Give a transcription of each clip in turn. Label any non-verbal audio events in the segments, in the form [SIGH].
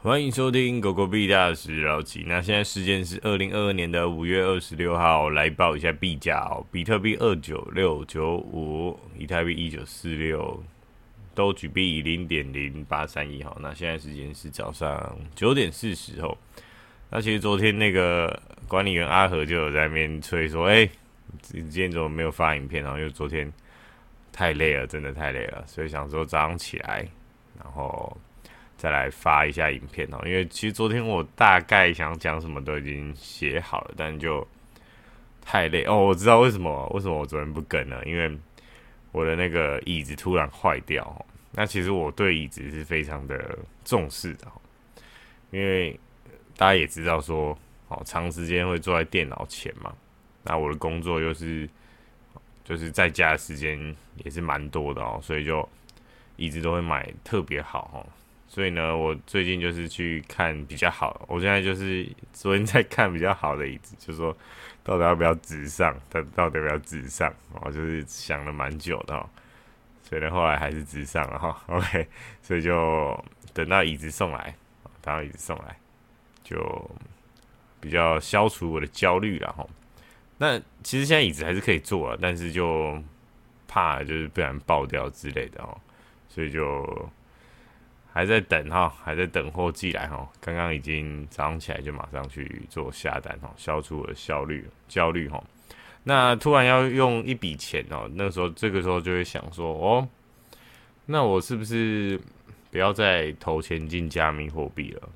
歡迎收聽狗狗幣大師老吉。那現在時間是二零二二年的五月二十六號，來報一下幣價哦。比特幣二九六九五，以太幣一九四六，都舉幣零點零八三一。好，那現在時間是早上九點四十後。那其實昨天那個管理員阿和就有在那邊催說：“哎、欸，你今天怎麼沒有發影片啊、哦？因為昨天太累了，真的太累了，所以想說早上起來，然後。”再來發一下影片哦，因為其實昨天我大概想講什麼都已經寫好了，但就太累哦。我知道為什麼，為什麼我昨天不更呢？因為我的那個椅子突然壞掉。那其實我對椅子是非常的重視的，因為大家也知道說哦，長時間會坐在電腦前嘛。那我的工作又是，就是在家的時間也是蠻多的哦，所以就椅子都會買特別好哦。所以呢，我最近就是去看比較好，我現在就是昨天在看比較好的椅子，就是說到底要不要直上，到底要不要直上，我、哦、就是想了蠻久的哦，所以呢後來還是直上了哈，OK，所以就等到椅子送來，等到椅子送來就比較消除我的焦慮了哈。那其實現在椅子還是可以坐啊，但是就怕就是不然爆掉之類的哦，所以就。還在等哈，還在等貨寄來哈。剛剛已經早上起來就馬上去做下單哈，消除了效率焦慮哈。那突然要用一筆錢哦，那個時候這個時候就會想說哦，那我是不是不要再投錢進加密貨幣了？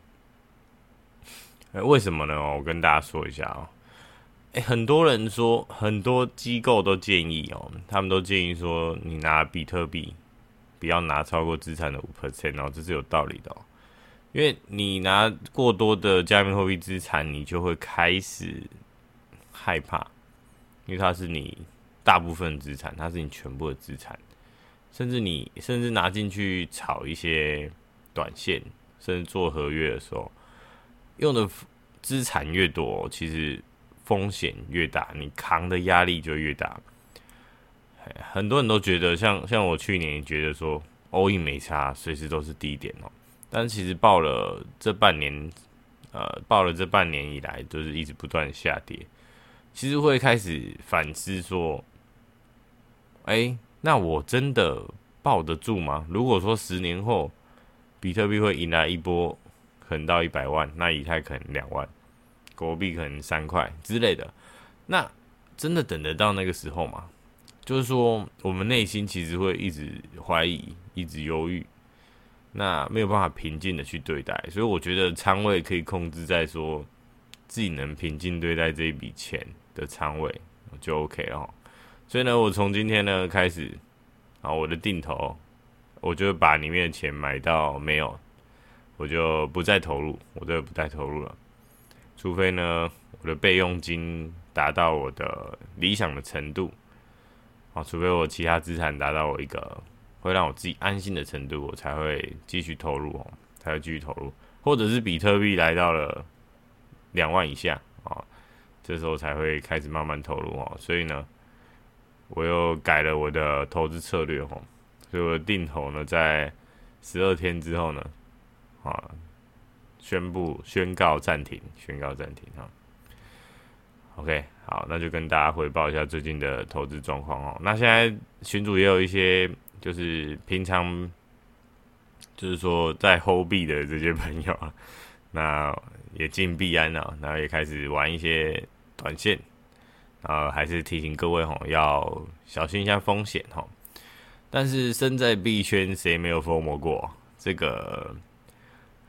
哎、欸，為什麼呢？我跟大家說一下哦。哎、欸，很多人說，很多機構都建議哦，他們都建議說，你拿比特幣。不要拿超過資產的五 percent 喔，然後這是有道理的喔，因為你拿過多的加密貨幣資產，你就會開始害怕，因為它是你大部分資產，它是你全部的資產，甚至你甚至拿進去炒一些短線，甚至做合約的時候，用的資產越多喔，其實風險越大，你扛的壓力就越大。很多人都覺得像像我去年也覺得說歐印沒差，隨時都是低點哦、喔。但其實抱了這半年，呃，抱了這半年以來，就是一直不斷下跌。其實會開始反思說，哎、欸，那我真的抱得住嗎？如果說十年後比特幣會迎來一波，可能到一百萬，那以太可能兩萬，狗幣可能三塊之類的，那真的等得到那個時候嗎？就是說，我們內心其實會一直懷疑，一直猶豫，那沒有辦法平靜的去對待。所以我覺得倉位可以控制在說自己能平靜對待這一筆錢的倉位就 OK 哦。所以呢，我從今天呢開始啊，我的定投我就把裡面的錢買到沒有，我就不再投入，我就不再投入了。除非呢，我的備用金達到我的理想的程度。哦，除非我其他資產達到我一個會讓我自己安心的程度，我才會繼續投入哦，才會繼續投入，或者是比特幣來到了兩萬以下啊、哦，這時候才會開始慢慢投入哦。所以呢，我又改了我的投資策略哦，所以我的定投呢，在十二天之後呢，啊、哦，宣佈宣告暫停，宣告暫停哈、哦。OK。好，那就跟大家回報一下最近的投資狀況哦。那現在群主也有一些，就是平常，就是說在 hold 幣的這些朋友啊，那也進幣安了，然後也開始玩一些短線，然後還是提醒各位吼，要小心一下風險哈。但是身在幣圈，誰沒有瘋魔過？這個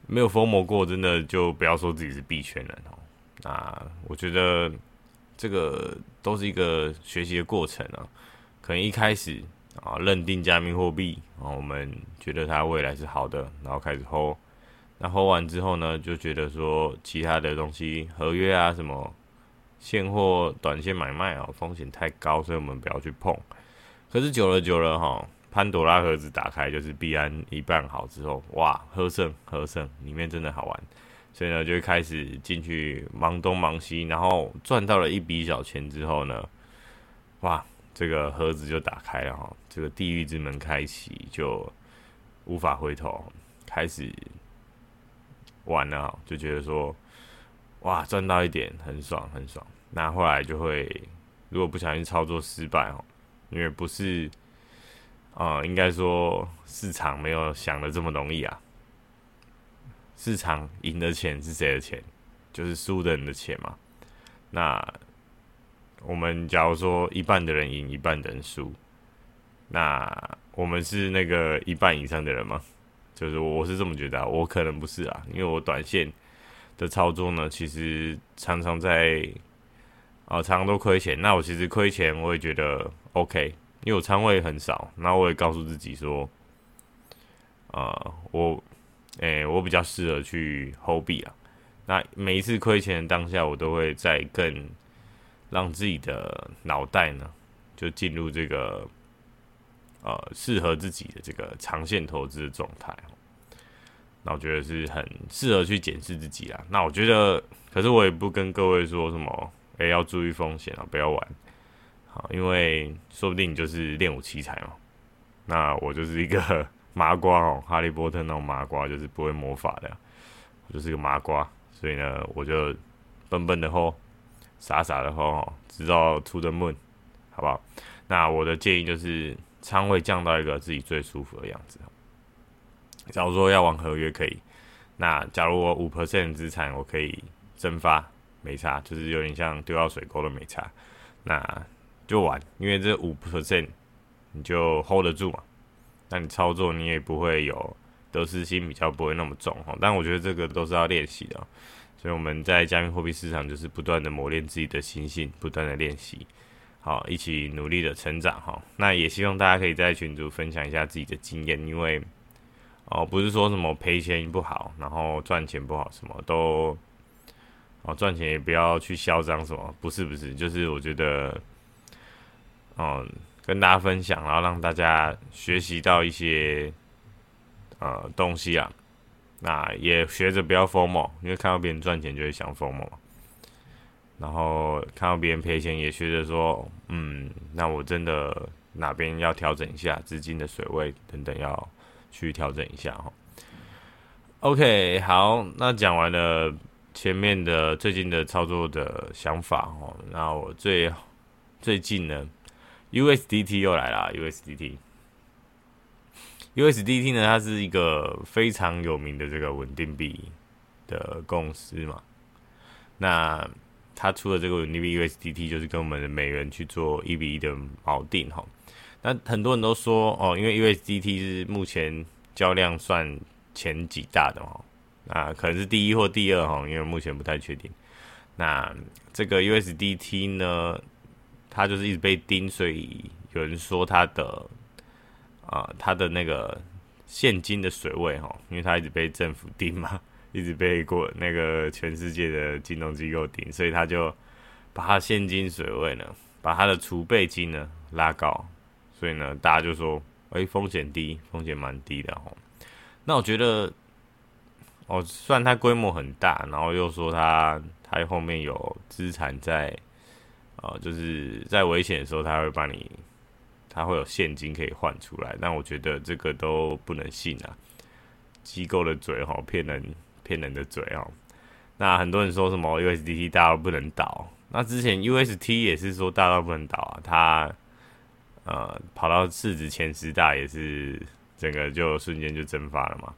沒有瘋魔過，真的就不要說自己是幣圈人哦。那我覺得。這個都是一個學習的過程啊，可能一開始啊認定加密貨幣啊，我們覺得它未來是好的，然後開始 Hold。那 Hold 完之後呢，就覺得說其他的東西合約啊什麼現貨短線買賣啊、哦、風險太高，所以我們不要去碰。可是久了久了哈、哦，潘朵拉盒子打開就是幣安一半好之後，哇，合剩合剩，裡面真的好玩。所以呢，就會開始進去忙東忙西，然後賺到了一筆小錢之後呢，哇，這個盒子就打開了哈，這個地獄之門開啟，就無法回頭，開始玩了，就覺得說，哇，賺到一點很爽很爽。那後來就會，如果不小心操作失敗哦，因為不是，啊、呃，應該說市場沒有想得這麼容易啊。市場贏的錢是誰的錢？就是輸的人的錢嘛。那我們假如說一半的人贏，一半的人輸，那我們是那個一半以上的人嗎？就是我是這麼覺得、啊，我可能不是啊，因為我短線的操作呢，其實常常在啊、呃，常常都虧錢。那我其實虧錢，我也覺得 OK，因為我倉位很少。那我也告訴自己說，啊、呃，我。誒、欸，我比較適合去 hold 幣啊。那每一次虧錢的當下，我都會再更讓自己的腦袋呢，就進入這個呃適合自己的這個長線投資的狀態。那我覺得是很適合去檢視自己啊。那我覺得，可是我也不跟各位說什麼，誒、欸，要注意風險啊，不要玩。好，因為說不定你就是練武奇才嘛。那我就是一個。 [LAUGHS] 麻瓜哦，哈利波特那種麻瓜就是不會魔法的，啊，我就是個麻瓜，所以呢，我就笨笨的吼，傻傻的吼，直到 to the moon，好不好？那我的建議就是倉位降到一個自己最舒服的樣子。假如說要玩合約可以，那假如我五 percent 資產我可以蒸發，沒差，就是有點像丟到水溝的沒差，那就玩，因為這五 percent 你就 hold 得住嘛。那你操作你也不會有得失心比較不會那麼重哈，但我覺得這個都是要練習的，所以我們在加密貨幣市場就是不斷的磨練自己的心性，不斷的練習，好一起努力的成長哈。那也希望大家可以在群組分享一下自己的經驗，因為哦不是說什麼賠錢不好，然後賺錢不好，什麼都哦賺錢也不要去囂張什麼，不是不是，就是我覺得嗯。跟大家分享，然後讓大家學習到一些呃東西啊。那也學着不要 FOMO，因為看到別人賺錢就會想 FOMO，然後看到別人賠錢，也學着說，嗯，那我真的哪邊要調整一下資金的水位等等，要去調整一下哈。OK，好，那講完了前面的最近的操作的想法哦。那我最最近呢？USDT 又來啦，USDT，USDT 呢，它是一個非常有名的這個穩定幣的公司嘛。那它出的這個穩定幣 USDT，就是跟我們的美元去做一比一的錨定哈。那很多人都說哦，因為 USDT 是目前交易量算前幾大的哦，那可能是第一或第二哦，因為目前不太確定。那這個 USDT 呢？他就是一直被盯，所以有人說他的，啊、呃，他的那個現金的水位哈，因為他一直被政府盯嘛，一直被過那個全世界的金融機構盯，所以他就把他現金水位呢，把他的儲備金呢拉高，所以呢，大家就說，誒、欸，風險低，風險蠻低的哦。那我覺得，哦，算他規模很大，然後又說他他後面有資產在。哦，就是在危險的時候，他會幫你，他會有現金可以換出來。但我覺得這個都不能信啊，機構的嘴吼，騙人騙人的嘴哦。那很多人說什麼 USDT 大到不能倒，那之前 UST 也是說大到不能倒啊，它呃跑到市值前十大也是整個就瞬間就蒸發了嘛。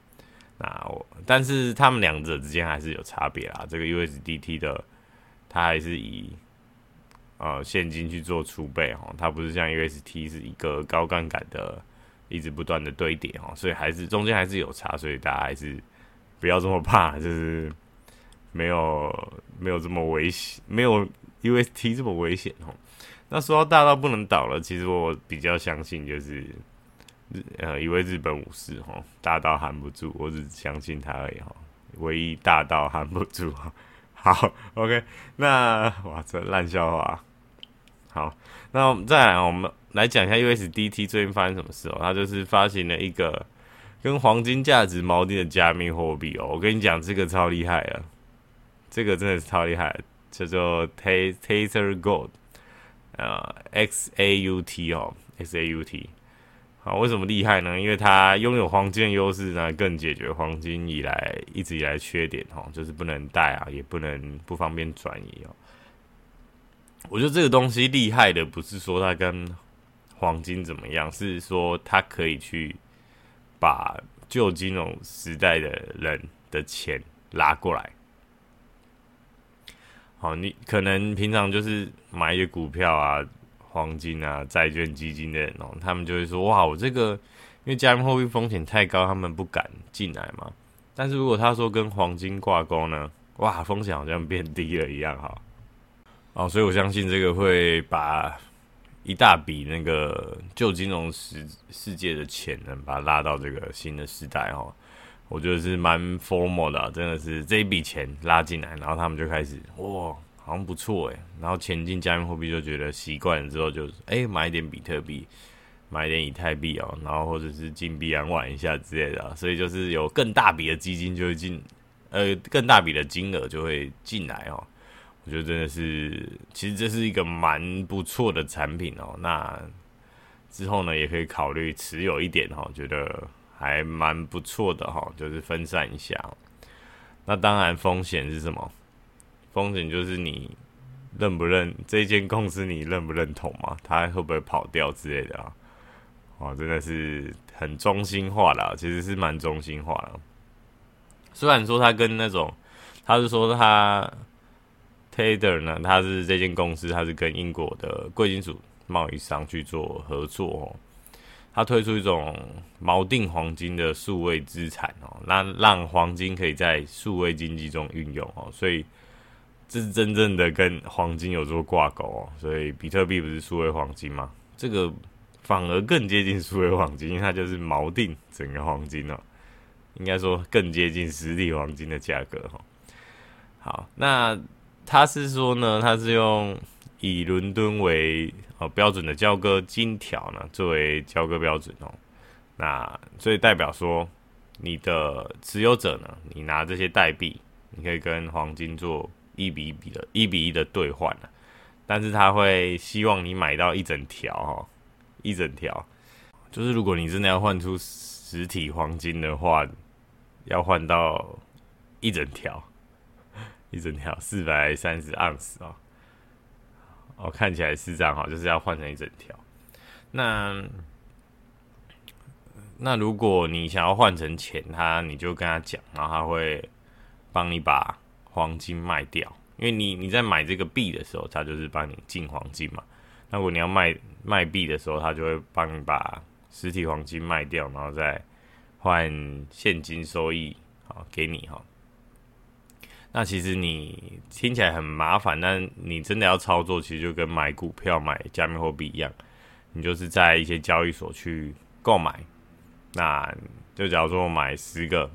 那我，但是他們兩者之間還是有差別啦。這個 USDT 的，它還是以。呃，現金去做儲備哦，它不是像 UST 是一個高槓桿的，一直不斷的堆疊哦，所以還是中間還是有差，所以大家還是不要這麼怕，就是沒有沒有這麼危險，沒有 UST 這麼危險哦。那說到大到不能倒了，其實我比較相信就是日呃一位日本武士哦，大到喊不住，我只相信他而已哦，唯一大到喊不住。好，OK，那哇，這爛笑話。好，那我們再來，我們來講一下 USDT 最近發生什麼事哦。它就是發行了一個跟黃金價值錨定的加密貨幣哦。我跟你講，這個超厲害啊，這個真的是超厲害，叫做 Tether Gold，呃，X A U T 哦，X A U T。好，為什麼厲害呢？因為它擁有黃金的優勢呢，更解決黃金以來一直以來缺點哦，就是不能帶啊，也不能不方便轉移哦。我覺得這個東西厲害的不是說它跟黃金怎麼樣，是說它可以去把舊金融時代的人的錢拉過來。好，你可能平常就是買一些股票啊、黃金啊、債券基金的人哦、喔，他們就會說：哇，我這個因為加密貨幣風險太高，他們不敢進來嘛。但是如果他說跟黃金掛鈎呢，哇，風險好像變低了一樣，哈。哦，所以我相信這個會把一大筆那個舊金融世世界的錢呢，把它拉到這個新的時代哦。我覺得是蠻 formal 的、啊，真的是這一筆錢拉進來，然後他們就開始哇，好像不錯誒，然後錢進加密貨幣就覺得習慣了之後就誒、欸、買一點比特幣，買一點以太幣哦，然後或者是進幣安，玩一下之類的、啊，所以就是有更大筆的基金就會進，呃，更大筆的金額就會進來哦。我覺得真的是，其實這是一個蠻不錯的產品哦、喔。那之後呢，也可以考慮持有一點哦、喔，覺得還蠻不錯的哈、喔，就是分散一下、喔。那當然風險是什麼？風險就是你認不認這間公司，你認不認同嘛？它會不會跑掉之類的啊？哦，真的是很中心化了、啊，其實是蠻中心化了。雖然說它跟那種，他是說它。Tether 呢？它是這間公司，它是跟英國的貴金屬貿易商去做合作哦。它推出一種錨定黃金的數位資產哦，那讓黃金可以在數位經濟中運用哦。所以這是真正的跟黃金有做掛鈎哦。所以比特幣不是數位黃金嗎？這個反而更接近數位黃金，因為它就是錨定整個黃金哦，應該說更接近實體黃金的價格哈、哦。好，那。他是說呢，他是用以倫敦為呃標準的交割金條呢作為交割標準哦，那所以代表說，你的持有者呢，你拿這些代幣，你可以跟黃金做一比一比的一比一的兌換啊，但是他會希望你買到一整條哦，一整條，就是如果你真的要換出實體黃金的話，要換到一整條。一整條四百三十盎司哦，哦，看起來是這樣哈，就是要換成一整條。那那如果你想要換成錢，他你就跟他講，然後他會幫你把黃金賣掉，因為你你在買這個幣的時候，他就是幫你進黃金嘛。那如果你要賣賣幣的時候，他就會幫你把實體黃金賣掉，然後再換現金收益好、哦、給你哈。哦那其實你聽起來很麻煩，但你真的要操作，其實就跟買股票、買加密貨幣一樣，你就是在一些交易所去購買。那就假如說我買十個，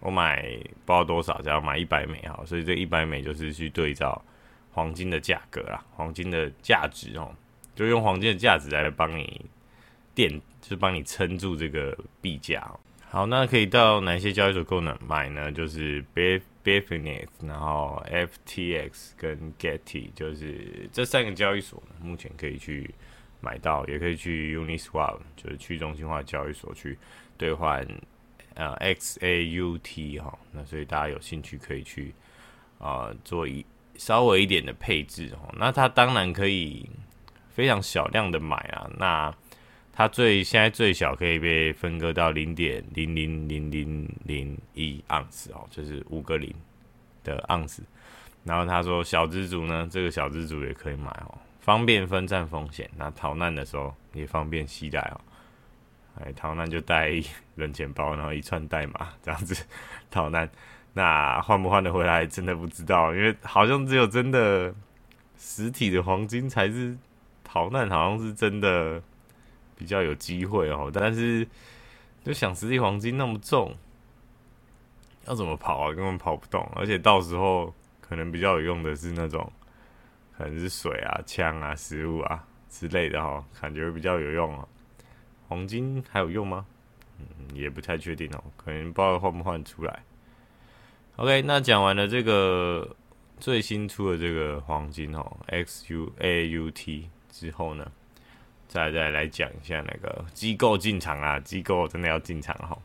我買不知道多少，只要買一百枚好，所以這一百枚就是去對照黃金的價格啦，黃金的價值哦，就用黃金的價值來幫你墊，就是幫你撐住這個幣價。好，那可以到哪些交易所購買呢？就是別。Bitfinex，然後 FTX 跟 Getty，就是這三個交易所目前可以去買到，也可以去 Uniswap，就是去中心化交易所去兌換、呃、XAUT 哈。那所以大家有興趣可以去啊、呃、做一稍微一點的配置哈。那它當然可以非常小量的買啊。那它最現在最小可以被分割到零點零零零零零一盎司哦，就是五個零的盎司。然後他說，小資主呢，這個小資主也可以買哦，方便分散風險。那逃難的時候也方便攜帶哦。哎，逃難就帶冷錢包，然後一串代碼這樣子逃難。那換不換得回來真的不知道，因為好像只有真的實體的黃金才是逃難，好像是真的。比較有機會哦，但是就想實際黃金那麼重，要怎麼跑啊？根本跑不動。而且到時候可能比較有用的是那種，可能是水啊、槍啊、食物啊之類的哈，感覺會比較有用哦。黃金還有用嗎？嗯，也不太確定哦，可能不知道換不換出來。OK，那講完了這個最新出的這個黃金哦，XAUT 之後呢？再再來講一下那個機構進場啊，機構真的要進場哈。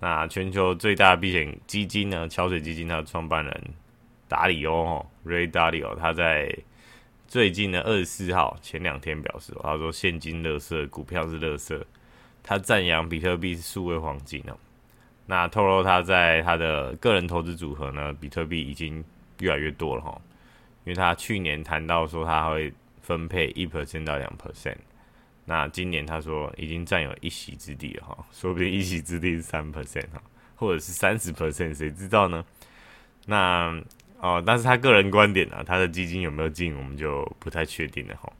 那全球最大的避險基金呢，橋水基金它的創辦人達里歐哈，Ray Dalio，他在最近的二十四號前兩天表示，他說現金垃圾，股票是垃圾，他贊揚比特幣是數位黃金哦、喔。那透露他在他的個人投資組合呢，比特幣已經越來越多了哈，因為他去年談到說他會。分配一 percent 到兩 percent，那今年他說已經占有一席之地了哈，說不定一席之地是三 percent 哈，或者是三十 percent 誰知道呢？那哦，但是他個人觀點啊，他的基金有沒有進我們就不太確定了哈。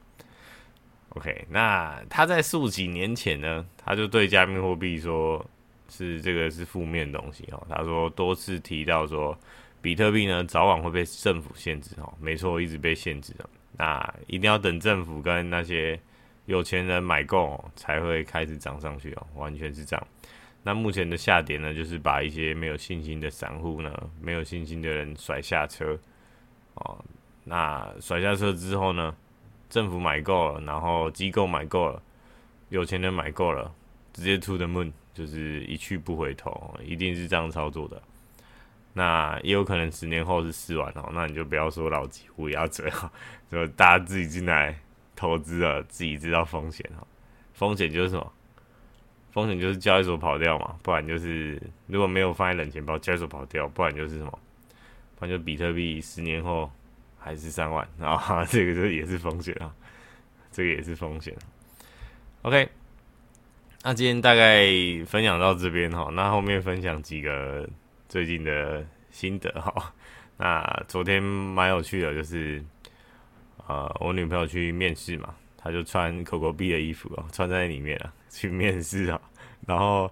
OK，那他在數幾年前呢，他就對加密貨幣說，是這個是負面的東西哈，他說多次提到說，比特幣呢早晚會被政府限制哈，沒錯，一直被限制啊。那一定要等政府跟那些有錢人買夠喔，才會開始漲上去哦，完全是這樣。那目前的下跌呢，就是把一些沒有信心的散戶呢，沒有信心的人甩下車哦。那甩下車之後呢，政府買夠了，然後機構買夠了，有錢人買夠了，直接 to the moon，就是一去不回頭，一定是這樣操作的。那也有可能十年後是四萬哦，那你就不要說老吉，烏鴉嘴哈，就大家自己進來投資了，自己知道風險哈。風險就是什麼？風險就是交易所跑掉嘛，不然就是如果沒有放在冷錢包，交易所跑掉，不然就是什麼？不然就比特幣十年後還是三萬啊，這個就也是風險啊，這個也是風險。OK，那今天大概分享到這邊哈，那後面分享幾個。最近的心得哈、哦，那昨天蠻有趣的，就是，呃，我女朋友去面試嘛，她就穿 Coco 幣的衣服啊、哦，穿在裡面啊去面試啊、哦，然後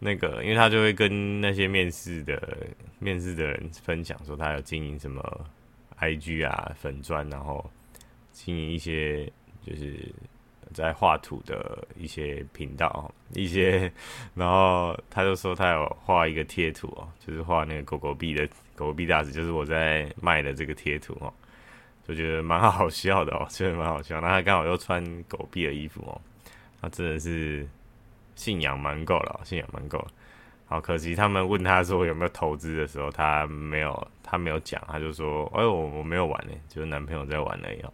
那個，因為她就會跟那些面試的面試的人分享說，她有經營什麼 IG 啊粉專，然後經營一些就是。在畫圖的一些頻道，一些，然後他就說他有畫一個貼圖喔，就是畫那個狗狗幣的狗狗幣大使，就是我在賣的這個貼圖喔，就覺得蠻好笑的喔，覺得蠻好笑的喔。那他剛好又穿狗幣的衣服喔，他真的是信仰蠻夠了，信仰蠻夠。好可惜，他們問他說有沒有投資的時候，他沒有，他沒有講，他就說，欸，我我沒有玩呢，就是男朋友在玩而已喔。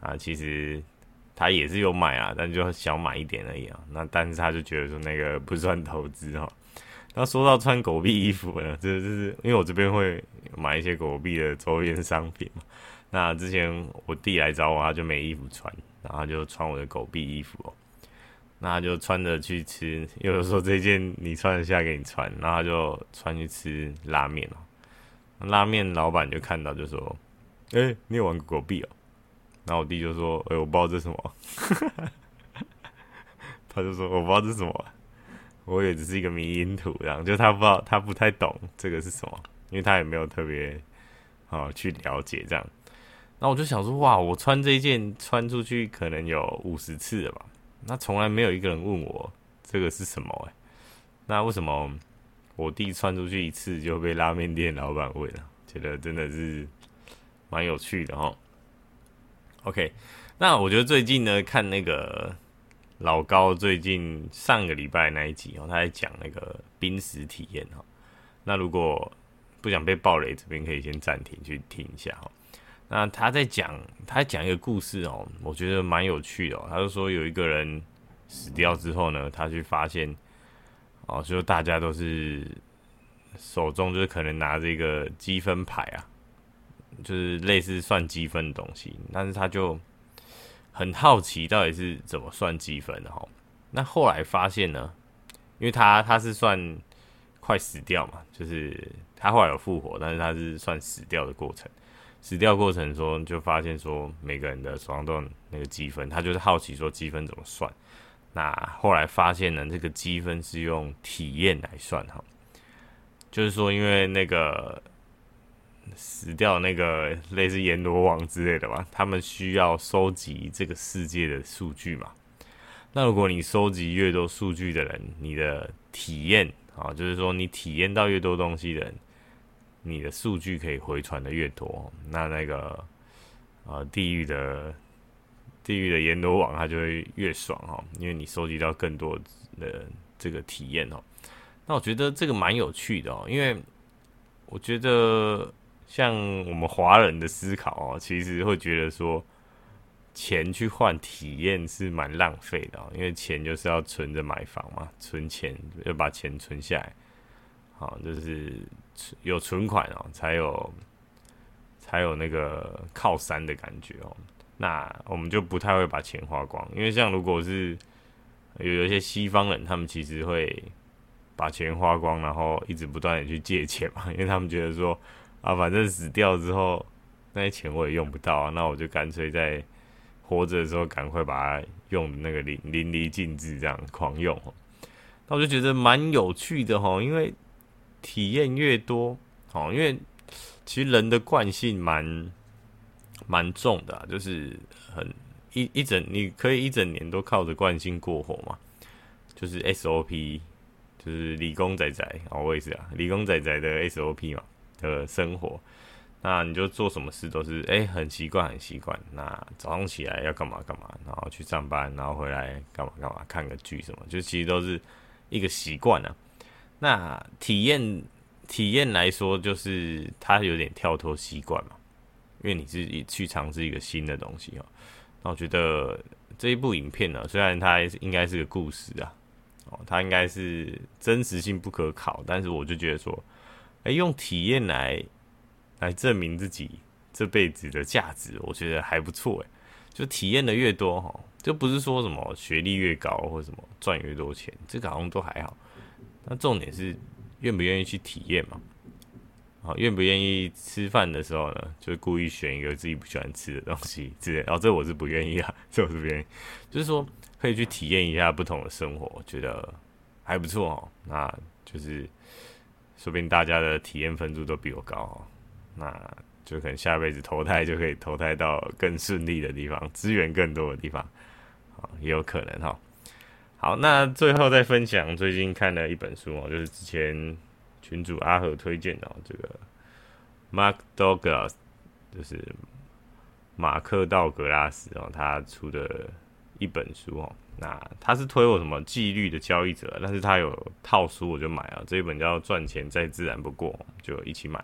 啊，其實。他也是有買啊，但就小買一點而已啊。那但是他就覺得說那個不算投資哦、喔。那說到穿狗幣衣服呢，就是因為我這邊會買一些狗幣的周邊商品嘛。那之前我弟來找我，他就沒衣服穿，然後就穿我的狗幣衣服哦、喔。那他就穿着去吃，又說這件你穿得下給你穿，然後他就穿去吃拉面哦、喔。那拉面老板就看到就說：“哎、欸，你有玩狗幣哦、喔。”然後我弟就說：“誒、欸，我不知道這是什麼。 [LAUGHS] ”他就說：“我不知道這是什麼，我也只是一個迷因圖，這樣就他不知道，他不太懂這個是什麼，因為他也沒有特別啊、哦、去了解這樣。”那我就想說：“哇，我穿這一件穿出去可能有五十次了吧？那從來沒有一個人問我這個是什麼誒、欸，那為什麼我弟穿出去一次就被拉麵店老闆問了、啊？覺得真的是蠻有趣的哈。” OK，那我覺得最近呢，看那個老高最近上個禮拜那一集哦、喔，他在講那個瀕死體驗哈、喔。那如果不想被爆雷，這邊可以先暫停去聽一下哈、喔。那他在講，他講一個故事哦、喔，我覺得蠻有趣的、喔。他就說有一個人死掉之後呢，他去發現哦、喔，就是大家都是手中就是可能拿這個積分牌啊。就是類似算積分的東西，但是他就很好奇到底是怎麼算積分的哈。那後來發現呢，因為他他是算快死掉嘛，就是他後來有復活，但是他是算死掉的過程，死掉的過程中就發現說，每個人的手上都有那個積分，他就是好奇說積分怎麼算。那後來發現呢，這個積分是用體驗來算哈，就是說因為那個。死掉那個類似閻羅王之類的吧，他們需要收集這個世界的數據嘛？那如果你收集越多數據的人，你的體驗啊，就是說你體驗到越多東西的人，你的數據可以回傳得越多，那那個啊、呃，地獄的地獄的閻羅王他就會越爽哈，因為你收集到更多的這個體驗哦。那我覺得這個蠻有趣的哦，因為我覺得。像我們華人的思考哦，其實會覺得說，錢去換體驗是蠻浪費的哦，因為錢就是要存着買房嘛，存錢要把錢存下來，好，就是存有存款哦，才有才有那個靠山的感覺哦。那我們就不太會把錢花光，因為像如果是有有一些西方人，他們其實會把錢花光，然後一直不斷的去借錢嘛，因為他們覺得說。啊，反正死掉之後，那些錢我也用不到啊，那我就乾脆在活着的時候趕快把它用那個淋淋漓盡致，這樣狂用。那我就覺得蠻有趣的哈，因為體驗越多，哦，因為其實人的慣性蠻蠻重的、啊，就是很一一整，你可以一整年都靠着慣性過活嘛，就是 SOP，就是理工仔仔啊、哦，我也是啊，理工仔仔的 SOP 嘛。的生活，那你就做什麼事都是誒、欸，很習慣很習慣。那早上起來要幹嘛幹嘛，然後去上班，然後回來幹嘛幹嘛，看個劇什麼，就其實都是一個習慣啊。那體驗體驗來說，就是它有點跳脫習慣嘛，因為你是去嘗試一個新的東西哦。那我覺得這一部影片呢、啊，雖然它應該是個故事啊，哦，它應該是真實性不可考，但是我就覺得說。哎、欸，用體驗來來證明自己這輩子的價值，我覺得還不錯哎。就體驗的越多哈，就不是說什麼學歷越高或者什麼賺越多錢，這個好像都還好。那重點是願不願意去體驗嘛？然後願不願意吃飯的時候呢，就故意選一個自己不喜歡吃的東西，之類。然、哦、後這我是不願意啊，這我是不願意，就是說可以去體驗一下不同的生活，覺得還不錯哦、喔。那就是。說不定大家的體驗分數都比我高，哦，那就可能下輩子投胎就可以投胎到更順利的地方，資源更多的地方，啊，哦，也有可能哈，哦。好，那最後再分享最近看了一本書哦，就是之前群主阿和推薦的，哦、這個 Mark Douglas，就是馬克道格拉斯哦，他出的一本書哦。那他是推我什麼紀律的交易者，但是他有套書我就買啊，這一本叫賺錢再自然不過，就一起買。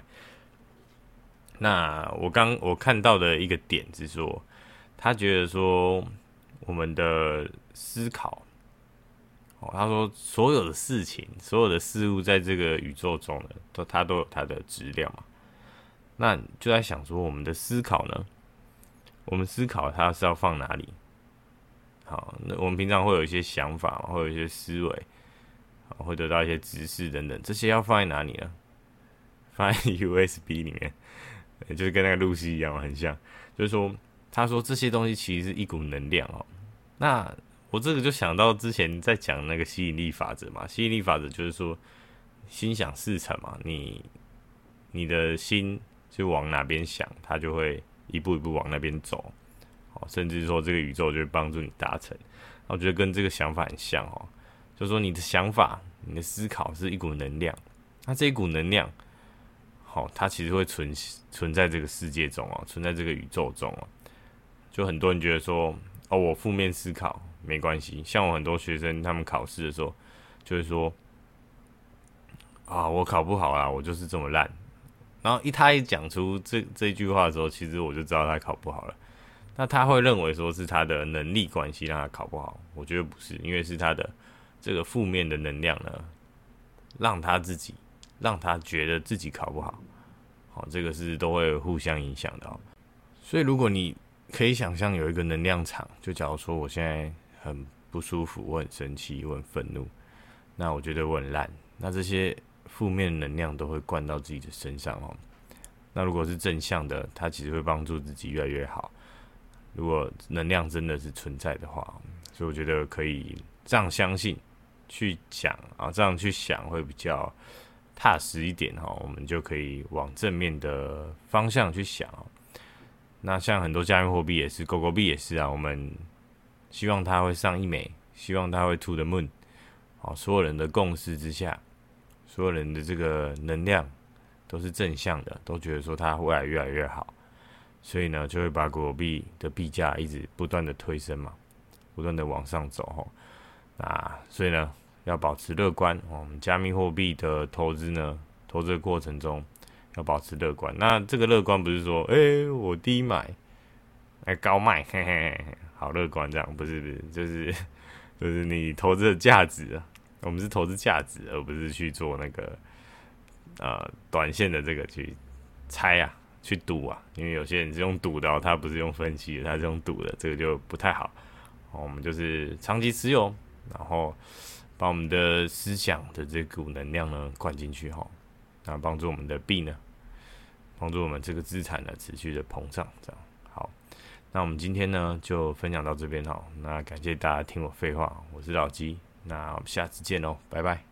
那我剛我看到的一個點就是說，他覺得說我們的思考，哦、喔，他說所有的事情，所有的事物在這個宇宙中呢，都它都有它的質量嘛。那就在想說，我們的思考呢，我們思考它是要放哪裡？好，那我們平常會有一些想法，會有一些思維，會得到一些知識等等，這些要放在哪裡呢？放在 USB 裡面，就是跟那個露西一樣，很像。就是說，他說這些東西其實是一股能量哦。那我這個就想到之前在講那個吸引力法則嘛，吸引力法則就是說心想事成嘛，你你的心就往哪邊想，它就會一步一步往那邊走。甚至說這個宇宙就會幫助你達成，我覺得跟這個想法很像哦。就是說你的想法、你的思考是一股能量，那這一股能量，好，它其實會存存在這個世界中哦，存在這個宇宙中哦。就很多人覺得說，哦，我負面思考沒關係。像我很多學生，他們考試的時候，就是說，啊、哦，我考不好啦、啊，我就是這麼爛。然後一他一講出這這句話的時候，其實我就知道他考不好了。那他會認為說是他的能力關係讓他考不好，我覺得不是，因為是他的這個負面的能量呢，讓他自己讓他覺得自己考不好，好，這個是都會互相影響的。所以如果你可以想象有一個能量場，就假如說我現在很不舒服，我很生氣，我很憤怒，那我覺得我很爛，那這些負面能量都會灌到自己的身上哦。那如果是正向的，它其實會幫助自己越來越好。如果能量真的是存在的話，所以我覺得可以這樣相信，去講啊，這樣去想會比較踏實一點哈。我們就可以往正面的方向去想。那像很多加密貨幣也是，狗狗幣也是啊。我們希望它會上一枚，希望它會 to the moon，好，所有人的共識之下，所有人的這個能量都是正向的，都覺得說它未來越來越好。所以呢，就會把貨幣的幣價一直不斷的推升嘛，不斷的往上走吼啊！那所以呢，要保持樂觀，我們、嗯、加密貨幣的投資呢，投資的過程中要保持樂觀。那這個樂觀不是說，哎、欸，我低買，哎、欸，高賣，嘿，嘿嘿，好樂觀這樣？不是不是，就是就是你投資的價值啊。我們是投資價值，而不是去做那個呃短線的這個去猜啊。去賭啊，因為有些人是用賭的，喔，他不是用分析的，他是用賭的，這個就不太好。好，我們就是長期持有，然後把我們的思想的這股能量呢灌進去哈，喔，那幫助我們的幣呢，幫助我們這個資產呢持續的膨脹。這樣好，那我們今天呢就分享到這邊哈，喔，那感謝大家聽我廢話，我是老吉，那我們下次見嘍，拜拜。